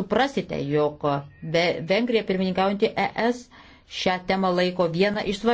suprasite, jog Vengrija pirmininkaujantį ES šią temą laiko vieną iš svarbiausių.